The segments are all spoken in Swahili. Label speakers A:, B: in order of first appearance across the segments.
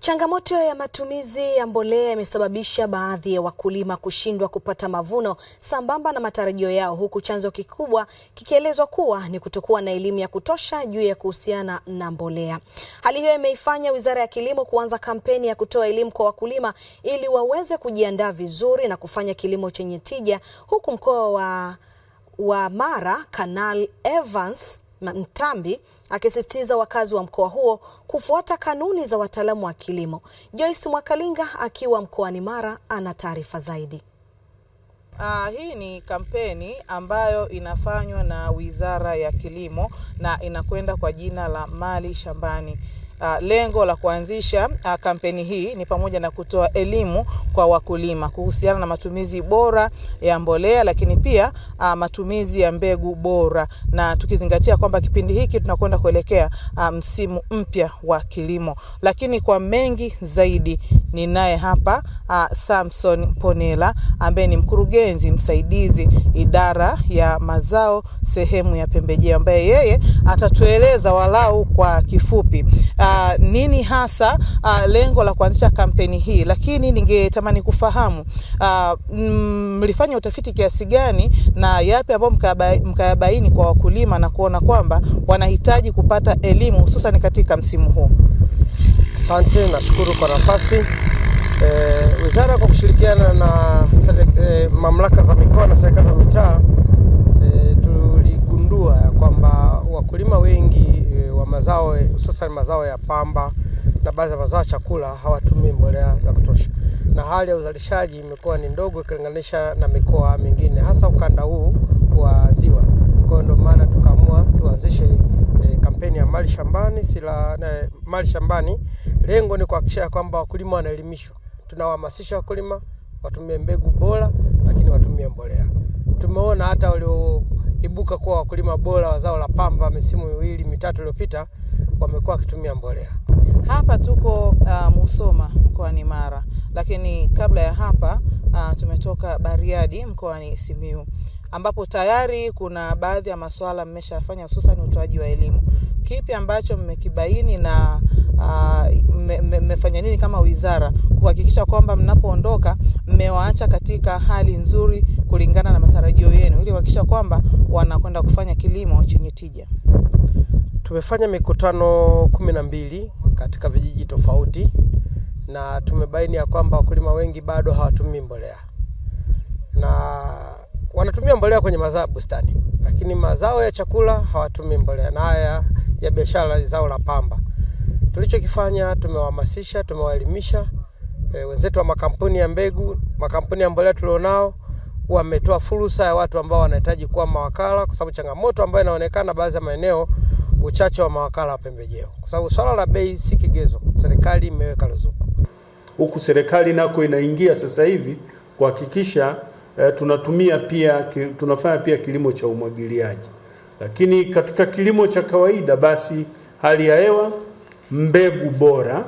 A: Changamoto ya matumizi ya mbolea imesababisha baadhi ya wakulima kushindwa kupata mavuno sambamba na matarajio yao, huku chanzo kikubwa kikielezwa kuwa ni kutokuwa na elimu ya kutosha juu ya kuhusiana na mbolea. Hali hiyo imeifanya Wizara ya Kilimo kuanza kampeni ya kutoa elimu kwa wakulima ili waweze kujiandaa vizuri na kufanya kilimo chenye tija, huku mkoa wa, wa Mara Canal Evans Mtambi akisisitiza wakazi wa mkoa huo kufuata kanuni za wataalamu wa kilimo. Joyce Mwakalinga akiwa mkoani Mara ana taarifa zaidi.
B: Uh, hii ni kampeni ambayo inafanywa na Wizara ya Kilimo na inakwenda kwa jina la Mali Shambani. Uh, lengo la kuanzisha uh, kampeni hii ni pamoja na kutoa elimu kwa wakulima kuhusiana na matumizi bora ya mbolea, lakini pia uh, matumizi ya mbegu bora, na tukizingatia kwamba kipindi hiki tunakwenda kuelekea uh, msimu mpya wa kilimo. Lakini kwa mengi zaidi ninaye hapa uh, Samson Ponela ambaye ni mkurugenzi msaidizi idara ya mazao sehemu ya pembejeo, ambaye yeye atatueleza walau kwa kifupi uh, nini hasa uh, lengo la kuanzisha kampeni hii, lakini ningetamani kufahamu uh, mm, mlifanya utafiti kiasi gani na yapi ambayo mkayabaini kwa wakulima na kuona kwamba wanahitaji kupata elimu hususan katika msimu huu.
C: Asante, nashukuru kwa nafasi. Eh, wizara kwa kushirikiana na e, mamlaka za mikoa na serikali za mitaa eh, tu, ya kwamba wakulima wengi e, wa mazao hususan mazao ya pamba na baadhi ya mazao ya chakula hawatumii mbolea za kutosha, na hali ya uzalishaji imekuwa ni ndogo ikilinganisha na mikoa mingine, hasa ukanda huu wa Ziwa. Kwa hiyo ndio maana tukaamua tuanzishe e, kampeni ya mali shambani sila na, mali shambani. Lengo ni kuhakikisha kwamba wakulima wanaelimishwa, tunawahamasisha wakulima watumie mbegu bora, lakini watumie mbolea. Tumeona hata walio ibuka kuwa wakulima bora wa zao la pamba. Misimu miwili mitatu iliyopita wamekuwa wakitumia mbolea.
B: Hapa tuko uh, Musoma mkoani Mara, lakini kabla ya hapa uh, tumetoka Bariadi mkoani Simiyu ambapo tayari kuna baadhi ya masuala mmeshafanya hususan utoaji wa elimu. Kipi ambacho mmekibaini na uh, mmefanya me, nini kama wizara kuhakikisha kwamba mnapoondoka mmewaacha katika hali nzuri kulingana na matarajio yenu? kuhakikisha kwamba wanakwenda kufanya kilimo chenye tija.
C: Tumefanya mikutano kumi na mbili katika vijiji tofauti na tumebaini ya kwamba wakulima wengi bado hawatumii mbolea na wanatumia mbolea kwenye mazao ya bustani, lakini mazao ya chakula hawatumii mbolea, na haya ya biashara, zao la pamba. Tulichokifanya, tumewahamasisha, tumewaelimisha e, wenzetu wa makampuni ya mbegu, makampuni ya mbolea tulionao wametoa fursa ya watu ambao wanahitaji kuwa mawakala, kwa sababu changamoto ambayo inaonekana baadhi ya maeneo uchache wa mawakala wa pembejeo, kwa sababu swala la bei si kigezo. Serikali imeweka ruzuku,
D: huku serikali nako inaingia sasa hivi kuhakikisha eh, tunatumia pia tunafanya pia kilimo cha umwagiliaji, lakini katika kilimo cha kawaida basi hali ya hewa, mbegu bora,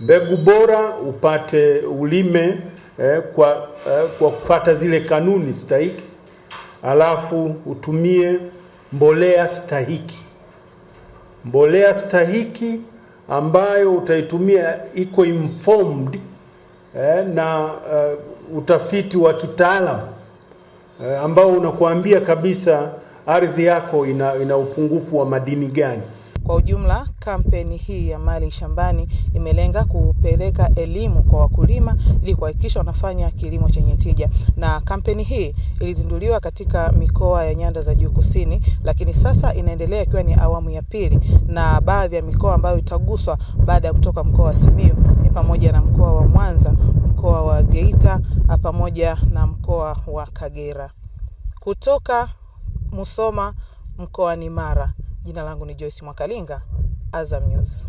D: mbegu bora upate ulime eh, kwa, eh, kwa kufata zile kanuni stahiki, alafu utumie mbolea stahiki. Mbolea stahiki ambayo utaitumia iko informed eh, na uh, utafiti wa kitaalamu eh, ambao unakuambia kabisa ardhi yako ina, ina upungufu wa madini gani.
B: Kwa ujumla, kampeni hii ya Mali Shambani imelenga kupeleka elimu kwa wakulima ili kuhakikisha wanafanya kilimo chenye tija, na kampeni hii ilizinduliwa katika mikoa ya nyanda za juu kusini, lakini sasa inaendelea ikiwa ni awamu ya pili, na baadhi ya mikoa ambayo itaguswa baada ya kutoka mkoa wa Simiyu ni pamoja na mkoa wa Mwanza, mkoa wa Geita pamoja na mkoa wa Kagera. Kutoka Musoma mkoani Mara. Jina langu ni Joyce Mwakalinga, Azam News.